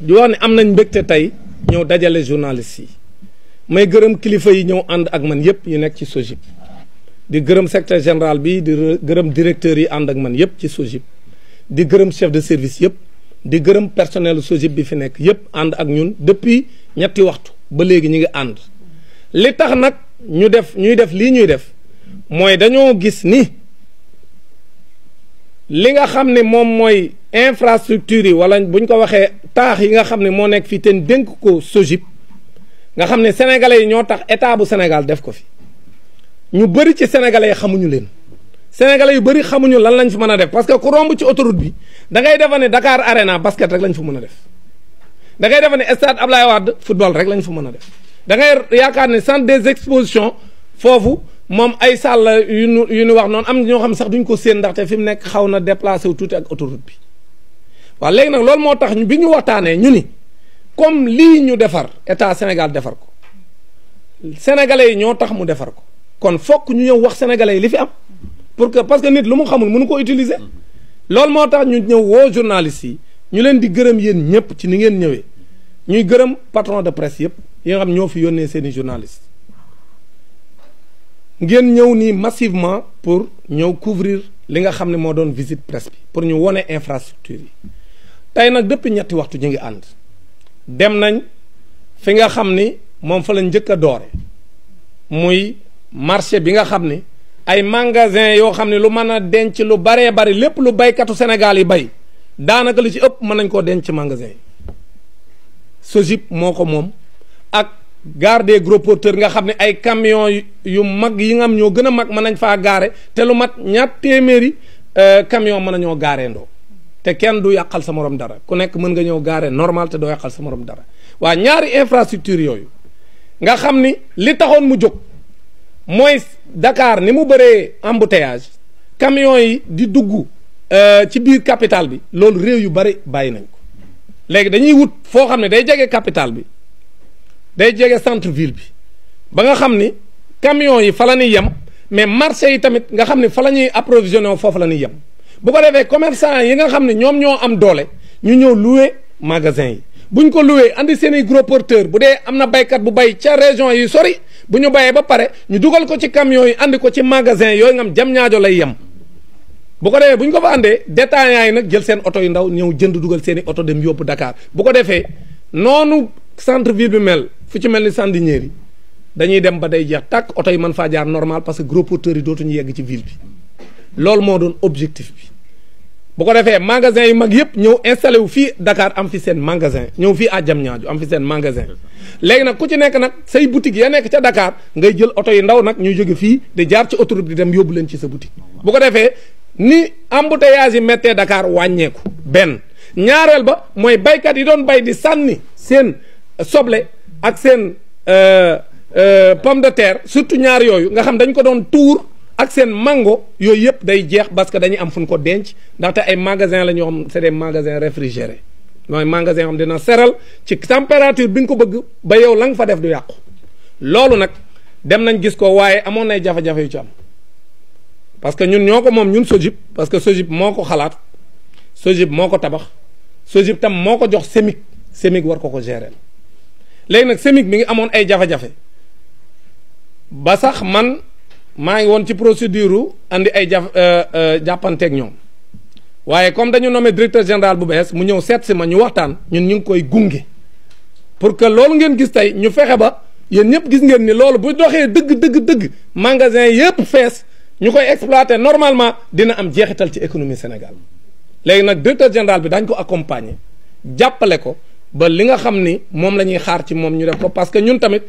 di wax ne am nañ mbégte tey ñëw dajale journaliste yi may gërëm kilifa yi ñëw ànd ak man yëpp yu nekk ci SOGIP di gërëm secteur général bi di gërëm directeur yi ànd ak man yëpp ci SOGIP di gërëm chef de service yëpp di gërëm personnel SOGIP bi fi nekk yëpp ànd ak ñun depuis ñetti waxtu ba léegi ñu ngi ànd li tax nag ñu def ñuy def lii ñuy def mooy dañoo gis ni li nga xam ne moom mooy infrastructure yi wala buñ ko waxee taax yi nga xam ne moo nekk fii te dénk ko SOGIP nga xam ne sénégalais yi ñoo tax état bu Sénégal def ko fi ñu bëri ci sénégalais yi xamuñu leen sénégalais yu bëri xamuñu lan lañ fi mën a def parce que ku romb ci autoroute bi da defa ne Dakar Arena basket rek lañ fa mën a def da ngay defa ne stade Ablaye Wade football rek lañ fa mën a def dangay yaakaar ne sant des expositions foofu. moom ay sàll yu nu yu nu wax noonu am ñoo xam sax duñ ko séen ndaxte fi mu nekk xaw na déplacé wu tuuti ak autoroute bi waa léegi nag loolu moo tax bi ñu waxtaanee ñu ni comme lii ñu defar état Sénégal defar ko sénégalais yi ñoo tax mu defar ko kon fokk ñu ñëw wax sénégalais yi li fi am pour que parce que nit lu mu xamul munu ko utiliser. loolu moo tax ñu ñëw woo journalistes yi ñu leen di gërëm yéen ñëpp ci ni ngeen ñëwee ñuy gërëm patron de presse yëpp yi nga xam ñoo fi yónnee seen i journalistes. ngeen ñëw nii massivement pour ñëw couvrir li nga xam ne moo doon visite presse bi pour ñu wone infrastructure yi tey nag depuis ñetti waxtu ñu ngi ànd dem nañ fi nga xam ni moom fa la njëkk a doore muy marché bi nga xam ni ay magasin yoo xam ne lu mën a denc lu baree bari lépp lu baykatu Sénégal yi bay daanaka lu ci ëpp mën nañ koo denc magasin yi SOGIP moo ko moom garde gros porteur nga xam ay camion yu mag yi nga am ñoo gëna mag mënañ fa faa té lu mat téméri euh camion mën nañoo ndo té kenn du yakal sa morom dara ku nekk mën nga ñoo normal te do yakal sa morom dara wa ñaari infrastructure yoyu nga xamni li taxone mu jog moy Dakar ni mu bëree embouteillage camion yi di dugg euh, ci biir capital bi loolu réew yu bari bayinañ ko léegi dañuy wut fo xamni day jégué capital bi day jege centre ville bi ba nga xam ni camions yi fa la ñuy yem mais marché yi tamit nga xam ni fa la ñuy approvisionné foofu la ñuy yem bu ko defee commerçant yi nga xam ne ñoom ñoo am doole ñu ñëw loué magasin yi buñ ko loué andi seen i gros porteur bu dee am na baykat bu bay ca région yi sori bu ñu bayee ba pare ñu dugal ko ci camions yi andi ko ci magasin yooyu nga xam jam ñaajo lay yem bu ko defee bu ñu ko fa àndee détaillants yi nag jël seen oto yu ndaw ñëw jënd dugal seen i oto dem yóbbu Dakar bu ko defee noonu centre ville mel fu ci mel ni Sandiniéry dañuy dem ba day jeex tàkk oto yi man faa jaar normal parce que gros porteurs yi dootuñu yegg ci ville bi loolu moo doon objectif bi bu ko defee magasin yu mag yëpp ñëw installé wu fii dakaar am fi seen magasin ñëw fii à Diamniadio am fi seen magasin léegi nag ku ci nekk nag say boutique ya nekk ca dakaar ngay jël oto yu ndaw nag ñuy jóge fii di jaar ci autoroute di dem yóbbu leen ci sa boutique bu ko defee ni embouteillage yi méttee Dakar wàññeeku benn ñaareel ba mooy baykat yi doon bay di sànni seen soble ak seen euh, euh, pomme de terre surtout ñaar yooyu nga xam dañ ko doon tuur ak seen mango yooyu yëpp day jeex parce que dañuy am fu ñu ko denc ndaxte ay magasin la ñoo xam c'est des magasins réfrigérés mooy magasin yoo xam dina seral ci température bi nga ko bëgg ba yow la fa def du yàqu loolu nag dem nañ gis ko waaye amoon nay jafe-jafe yu ci am parce que ñun ñoo ko moom ñun Sojib parce que Sojib moo ko xalaat Sojib moo ko tabax Sojib tam moo ko jox SEMIC SEMIC war ko ko gérer. léegi nag SEMIC mi ngi amoon ay jafe-jafe ba sax man maa ngi woon ci procédure andi ay jaf euh, euh, jàppanteeg ñoom waaye comme dañu nommé directeur général bu bees mu ñëw seet si ma ñu waxtaan ñun ñu ngi koy gunge pour que loolu ngeen gis tey ñu fexe ba yéen ñëpp gis ngeen ni loolu bu doxee dëgg dëgg dëgg magasin yëpp fees ñu koy exploiter normalement dina am jeexital ci économie Sénégal léegi nag directeur général bi dañ ko accompagner jàppale ko. ba li nga xam ni moom la ñuy xaar ci moom ñu def ko parce que ñun tamit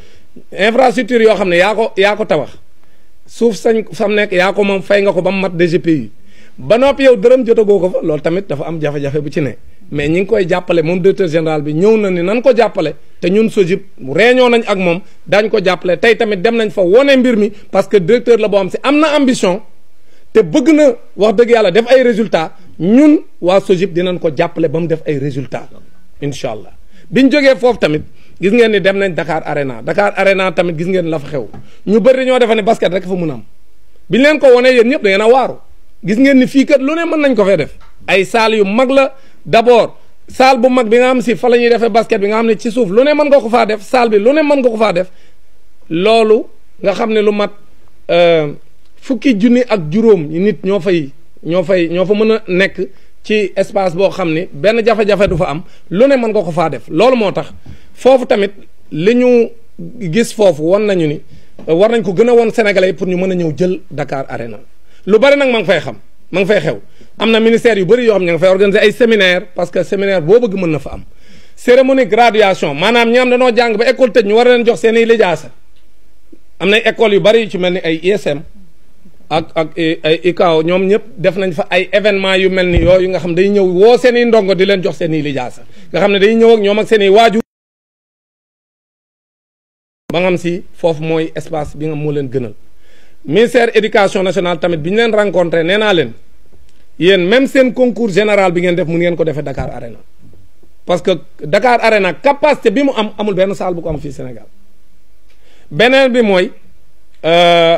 infrastructure yoo xam ne yaa ko yaa ko tabax suuf sañ sam nekk yaa ko moom fay nga ko ba mu mat DGPU ba noppi yow dërëm jotagoo ko fa loolu tamit dafa am jafe-jafe bu ci ne mais ñu ngi koy jàppale moom directeur général bi ñëw na ni nan ko jàppale te ñun SOGIP réunion nañ ak moom daañ ko jàppale tey tamit dem nañ fa wone mbir mi parce que directeur la boo xam si am na ambition te bëgg na wax dëgg yàlla def ay résultats ñun waa SOGIP dinañ ko jàppale ba mu def ay résultats incha allah bi ñu jógee foofu tamit gis ngeen ni dem nañ dakaar Arena dakaar Arena tamit gis ngeen la fa xew ñu bëri ñoo defe ne basket rek fa mun am bi leen ko wonee yéen ñëpp da ngeen a waaru gis ngeen ni fii kat lu ne mën nañ ko fee def ay saal yu mag la d'abord saal bu mag bi nga xam si fa la ñuy defee basket bi nga xam ne ci suuf lu ne mën nga ko faa def saal bi lu ne mën nga ko faa def loolu nga xam ne lu mat euh, fukki junni ak juróom nit ñoo fay ñoo fay ñoo fa mën a nekk ci espace boo xam ni benn jafe-jafe du fa am lu ne mën ko ko faa def loolu moo tax foofu tamit li ñu gis foofu won nañu ni euh, war nañ ko gën a won sénégalais pour ñu mën a ñëw jël Dakar Arena lu bari nag ma ngi fay xam ma ngi fay xew am na ministère yu bari yoo xam ña nga fay organiser ay séminaire parce que séminaire boo bëgg mën na fa am cérémonie graduation maanaam ñi am dañoo jàng ba école tëj ñu war leen jox seen i lijaasa am na école yu bari yu ci mel ni ay ISM ak ak eh, ay ñoom ñëpp def nañ fa ay événement yu mel ni yooyu nga xam day ñëw woo seen i ndongo di leen jox seen i lijaasa nga xam ne day ñëw ak ñoom ak seeni i waajur ba nga si foofu mooy espace bi nga moo leen gënal ministère éducation nationale tamit bi ñu leen rencontré nee naa leen yéen même seen concours général bi ngeen def mu ngeen ko defee Dakar Arena parce que Dakar Arena capacité bi mu am amul benn salle bu ko am fii Sénégal beneen bi mooy euh,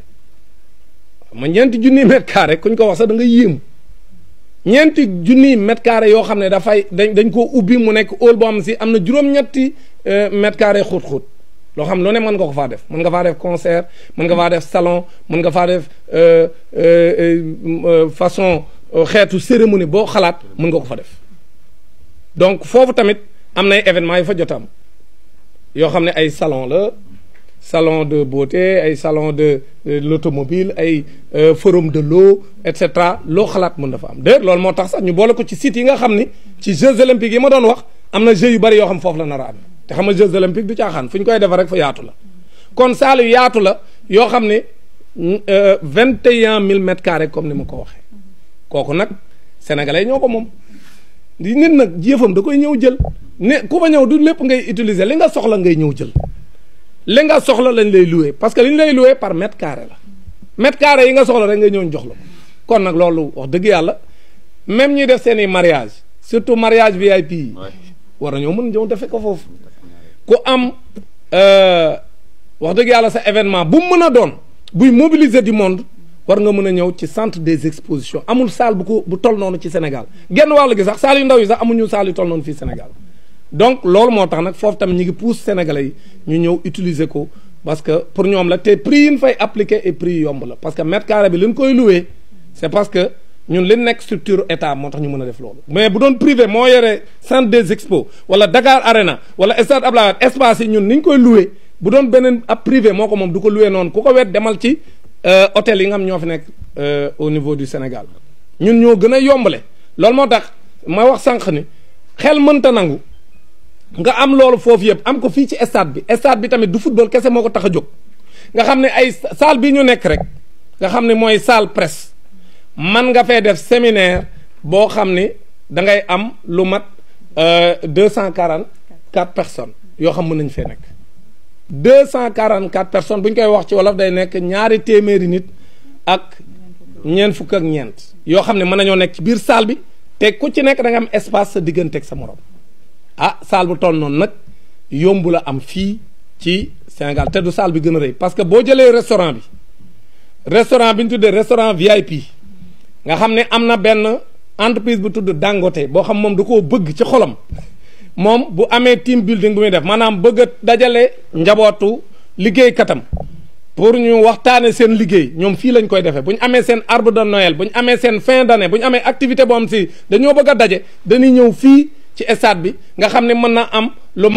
ma ñeenti junniy mètre carré kuñ ko wax sax da nga yéem ñeenti junniy mètre carré yoo xam ne dafay dañ dañ koo ubbi mu nekk óol boo xam si am na juróom-ñetti euh, mètre carré xóot-xóot loo xam loo ne mën nga ko faa def mën nga faa def concert mën nga faa def salon mën nga faa def euh, euh, façon xeetu cérémonie boo xalaat mën nga ko fa def donc foofu tamit am nay événement yu fa jotam yoo xam ne ay salon la salon de beauté salon de l'automobile euh, forum de l'eau etc. cetera loo xalaat mën am sax ñu les ko ci yi nga Jeux olympiques yi ma doon wax jeux yu bari yo xam fofu la am te Jeux olympiques du koy rek fa la kon la mm, euh, comme ni ma les jeux olympiques. sénégalais ñoko mom. Di nit nous, jëfëm da koy ñëw jël ne ku ñëw du lepp ngay utiliser li nga soxla ngay li nga soxla lañ lay loué parce que li ñu lay loué par mètre carré la mètre carré yi nga soxla rek nga ñëw jox la kon nag loolu wax dëgg yàlla même ñuy def seen i mariage surtout mariage VIP yi war nañoo mën ñëw defe ko foofu ku am euh, wax dëgg yàlla sa événement bu mën a doon buy mobiliser du monde war nga mën a ñëw ci centre des expositions amul salle bu ko bu toll noonu ci Sénégal genn wàll gi sax salle yu ndaw yi sax amuñu salle yu toll noonu fii Sénégal donc loolu moo tax nag foofu tamit ñu ngi sénégalais yi ñu ñëw utiliser ko parce que pour ñoom la te prix yi ñu fay appliqué et prix yomb la parce que mètre carré bi li ñu koy loué c' parce que ñun li nekk structure état moo tax ñu mën def mais bu doon privé moo yore centre des expos wala Dakar Arena wala stade Abdoulaye espace yi ñun ni ñu koy loué bu doon beneen privé moo comme on du louer non, quoi ku ko wet demal ci euh, hôtel yi nga euh, au niveau du Sénégal ñun ñoo gën a yombale loolu moo tax ma wax sànq ni xel mënta nangu. nga am lolu fofu yeb am ko fi ci stade bi stade bi tamit du football kese moko ko jog nga xamne ay salle bi ñu nekk rek nga xamne moy salle presse man nga fay def séminaire bo xamne da ngay am lu mat euh 244 personnes yo xam mënañ fe nek 244 personnes buñ koy wax ci wolof day nekk ñaari téméri nit ak ñen fuk ak ñent yo xamne mënañu mën nekk ci bir salle bi te ku ci nekk da nga am espace sa ak sa morom ah saal bu toll noonu nag yombu la am fii ci Sénégal te du saal bi gën a rëy parce que boo jëlee restaurant bi restaurant bi ñu tuddee restaurant VIP nga xam ne am na benn entreprise bu tudd Dangote boo xam moom du koo bëgg ci xolam moom bu amee team building bu muy def maanaam bëgg dajale njabootu liggéeykatam pour ñu waxtaane seen liggéey ñoom fii lañ koy defee bu amee seen arbre de Noël bu ñu amee seen fin d'année bu ñu amee activité boo am si dañoo bëgg a daje dañuy ñëw fii. ci stade bi nga xam ne mën na am lu